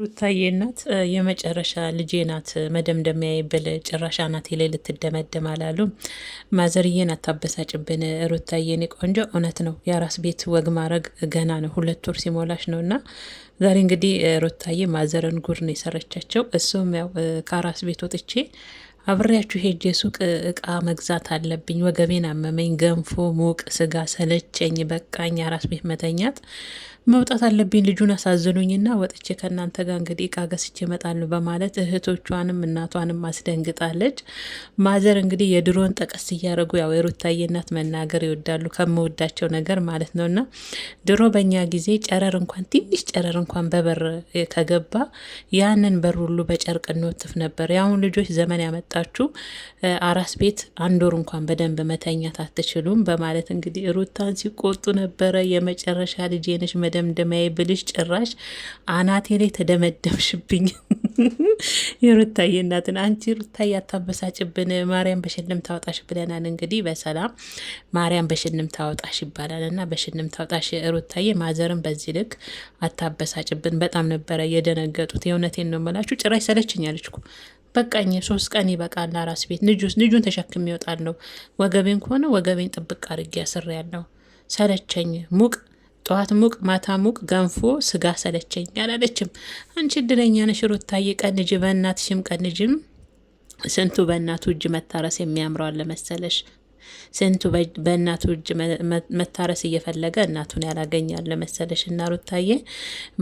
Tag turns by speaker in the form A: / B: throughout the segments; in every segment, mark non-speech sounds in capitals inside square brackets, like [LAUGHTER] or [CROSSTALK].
A: ሩታዬ እናት የመጨረሻ ልጄ ናት፣ መደምደሚያ ይብል ጭራሽ አናቴ ላይ ልትደመደም አላሉ። ማዘርዬን አታበሳጭብን ሩታዬን ቆንጆ። እውነት ነው የአራስ ቤት ወግ ማድረግ ገና ነው፣ ሁለት ወር ሲሞላሽ ነው እና ዛሬ እንግዲህ ሩታዬ ማዘርን ጉር ነው የሰረቻቸው። እሱም ያው ከአራስ ቤት ወጥቼ አብሬያችሁ ሄጄ ሱቅ እቃ መግዛት አለብኝ፣ ወገቤን አመመኝ፣ ገንፎ፣ ሙቅ ስጋ ሰለቸኝ፣ በቃኝ፣ አራስ ቤት መተኛት መውጣት አለብኝ፣ ልጁን አሳዝኑኝና ወጥቼ ከእናንተ ጋር እንግዲህ እቃ ገስቼ እመጣለሁ በማለት እህቶቿንም እናቷንም አስደንግጣለች። ማዘር እንግዲህ የድሮን ጠቀስ እያደረጉ ያው የሩታዬ እናት መናገር ይወዳሉ ከምወዳቸው ነገር ማለት ነው። እና ድሮ በእኛ ጊዜ ጨረር እንኳን ትንሽ ጨረር እንኳን በበር ከገባ ያንን በር ሁሉ በጨርቅ እንወትፍ ነበር። የአሁን ልጆች ዘመን ያመጣ ከመጣችሁ አራስ ቤት አንድ ወር እንኳን በደንብ መተኛት አትችሉም በማለት እንግዲህ ሩታን ሲቆጡ ነበረ። የመጨረሻ ልጄ ነሽ መደምደማዬ ብልሽ ጭራሽ አናቴ ላይ ተደመደምሽብኝ። [LAUGHS] የሩታዬ እናትን አንቺ ሩታዬ አታበሳጭብን፣ ማርያም በሽልም ታወጣሽ ብለናል። እንግዲህ በሰላም ማርያም በሽልም ታወጣሽ ይባላል እና በሽልም ታወጣሽ ሩታዬ። ማዘርም በዚህ ልክ አታበሳጭብን። በጣም ነበረ የደነገጡት። የእውነቴን ነው የምላችሁ። ጭራሽ ሰለችኛለች እኮ በቃኝ፣ ሶስት ቀን ይበቃል። ለአራስ ቤት ልጁን ተሸክም ይወጣል ነው ወገቤን ከሆነ ወገቤን ጥብቅ አድርጌ ያስሬ ያለው ሰለቸኝ። ሙቅ ጠዋት ሙቅ ማታ ሙቅ ገንፎ ስጋ ሰለቸኝ አላለችም። አንቺ እድለኛ ነሽ ሩታዬ። ቀንጅ፣ በእናትሽም ቀንጅም። ስንቱ በእናቱ እጅ መታረስ የሚያምረዋል መሰለሽ። ስንቱ በእናቱ እጅ መታረስ እየፈለገ እናቱን ያላገኛል ለመሰለሽ እና ሩታዬ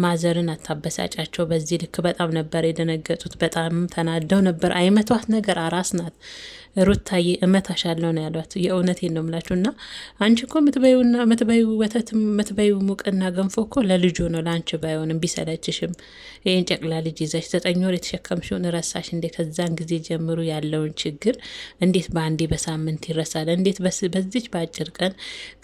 A: ማዘርን አታበሳጫቸው በዚህ ልክ። በጣም ነበር የደነገጡት። በጣም ተናደው ነበር። አይመቷት ነገር አራስ ናት ሩታዬ እመታሻለሁ ነው ያሏት። የእውነቴን ነው የምላችሁ። እና አንቺ እኮ ምትበዩና ምትበዩ ወተት ምትበዩ ሙቅና ገንፎ እኮ ለልጁ ነው ለአንቺ ባይሆንም ቢሰለችሽም፣ ይህን ጨቅላ ልጅ ይዘሽ ዘጠኝ ወር የተሸከምሽውን ረሳሽ እንዴ? ከዛን ጊዜ ጀምሮ ያለውን ችግር እንዴት በአንዴ በሳምንት ይረሳል? እንዴት በዚች በአጭር ቀን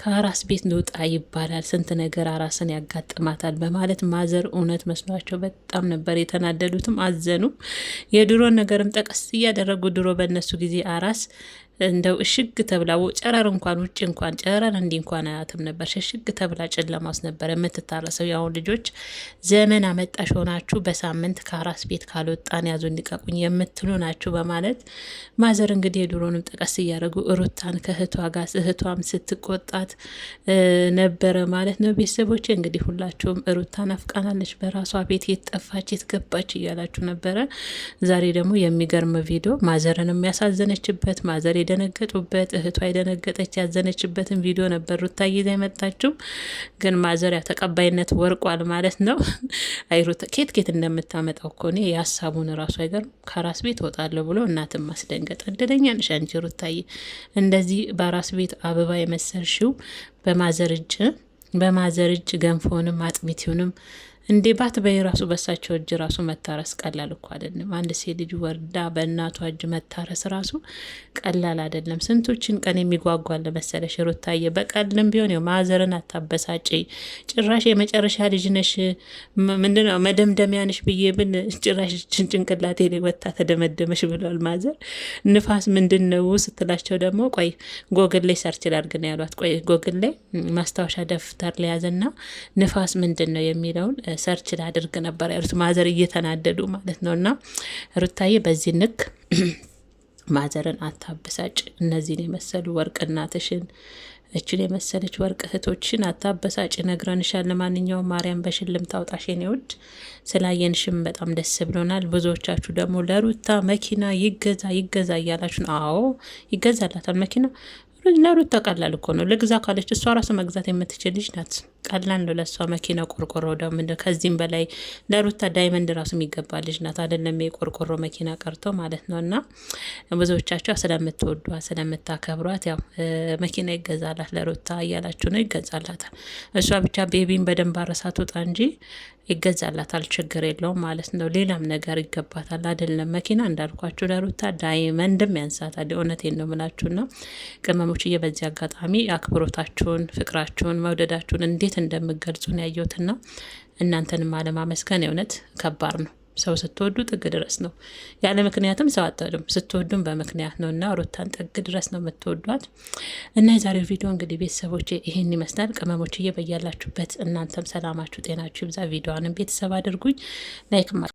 A: ከአራስ ቤት ልውጣ ይባላል? ስንት ነገር አራስን ያጋጥማታል በማለት ማዘር እውነት መስሏቸው በጣም ነበር የተናደዱትም፣ አዘኑ። የድሮን ነገርም ጠቀስ እያደረጉ ድሮ በእነሱ ጊዜ Gracias. እንደው እሽግ ተብላ ጨረር እንኳን ውጭ እንኳን ጨረር እንዲ እንኳን አያትም ነበር። ሽሽግ ተብላ ጨለማ ውስጥ ነበር የምትታረሰው። የአሁን ልጆች ዘመን አመጣሽ ሆናችሁ በሳምንት ከአራስ ቤት ካልወጣን ያዙ እንዲቀቁኝ የምትሉ ናችሁ በማለት ማዘር እንግዲህ የድሮንም ጠቀስ እያደረጉ ሩታን ከእህቷ ጋር እህቷም ስትቆጣት ነበረ ማለት ነው። ቤተሰቦች እንግዲህ ሁላችሁም ሩታን አፍቃናለች፣ በራሷ ቤት የጠፋች የትገባች እያላችሁ ነበረ። ዛሬ ደግሞ የሚገርም ቪዲዮ ማዘርን የሚያሳዘነችበት ማዘር የደነገጡበት እህቷ የደነገጠች ያዘነችበትን ቪዲዮ ነበር ሩታዬ ይዛ የመጣችው። ግን ማዘሪያ ተቀባይነት ወርቋል ማለት ነው። [LAUGHS] አይሩት ኬት ኬት እንደምታመጣው እኮ እኔ የሀሳቡን ራሱ አይገርም። ከራስ ቤት ወጣለሁ ብሎ እናትን ማስደንገጥ እድለኛ ነሽ አንቺ ሩታዬ። እንደዚህ በራስ ቤት አበባ የመሰልሽው በማዘር እጅ በማዘር እጅ ገንፎንም አጥሚቲውንም እንዴ ባት በይ ራሱ በሳቸው እጅ ራሱ መታረስ ቀላል እኮ አይደለም። አንድ ሴት ልጅ ወርዳ በእናቷ እጅ መታረስ ራሱ ቀላል አይደለም። ስንቶችን ቀን የሚጓጓል መሰለሽ ሩታዬ። በቀልም ቢሆን ው ማዘርን አታበሳጭ። ጭራሽ የመጨረሻ ልጅ ነሽ ምንድነው መደምደሚያ ነሽ ብዬ ብን ጭራሽ ጭንቅላቴ ላይ ወታ ተደመደመሽ ብሏል ማዘር። ንፋስ ምንድን ነው ስትላቸው ደግሞ ቆይ ጎግል ላይ ሰርች ላድርግ ነው ያሏት። ቆይ ጎግል ላይ ማስታወሻ ደፍተር ለያዘና ንፋስ ምንድን ነው የሚለውን ሰርች ላድርግ ነበር ያሉት ማዘር እየተናደዱ ማለት ነው። እና ሩታዬ በዚህ ንክ [CLEARS THROAT] ማዘርን አታበሳጭ። እነዚህን የመሰሉ ወርቅ እናትሽን እችን የመሰለች ወርቅ እህቶችን አታበሳጭ። ነግረንሻል። ለማንኛውም ማርያም በሽልም ታውጣሽ የኔ ውድ። ስላየንሽም በጣም ደስ ብሎናል። ብዙዎቻችሁ ደግሞ ለሩታ መኪና ይገዛ ይገዛ እያላችሁ አዎ ይገዛላታል መኪና ለሩታ ቀላል እኮ ነው። ልግዛ ካለች እሷ ራሱ መግዛት የምትችል ልጅ ናት። ቀላል ነው ለእሷ መኪና፣ ቆርቆሮ ደ ምንድን ከዚህም በላይ ለሩታ ዳይመንድ ራሱ የሚገባ ልጅ ናት። አደለም የቆርቆሮ መኪና ቀርቶ ማለት ነው። እና ብዙዎቻቸው ስለምትወዷ ስለምታከብሯት፣ ያው መኪና ይገዛላት ለሩታ እያላችሁ ነው። ይገዛላታል። እሷ ብቻ ቤቢን በደንብ አረሳት ውጣ እንጂ ይገዛላታል። ችግር የለውም ማለት ነው። ሌላም ነገር ይገባታል አደለም መኪና እንዳልኳችሁ ለሩታ ዳይመንድም ያንሳታል። እውነቴን ነው ምላችሁና ቅመም ወንድሞችዬ በዚህ አጋጣሚ አክብሮታችሁን፣ ፍቅራችሁን፣ መውደዳችሁን እንዴት እንደምገልጹ ነው ያየሁትና እናንተንም አለማመስገን የእውነት ከባድ ነው። ሰው ስትወዱ ጥግ ድረስ ነው። ያለ ምክንያትም ሰው አትወዱም፣ ስትወዱም በምክንያት ነው እና ሩታን ጥግ ድረስ ነው የምትወዷት። እና የዛሬው ቪዲዮ እንግዲህ ቤተሰቦች ይህን ይመስላል። ቅመሞች እየበያላችሁበት እናንተም ሰላማችሁ፣ ጤናችሁ ይብዛ። ቪዲዮንም ቤተሰብ አድርጉኝ ላይክ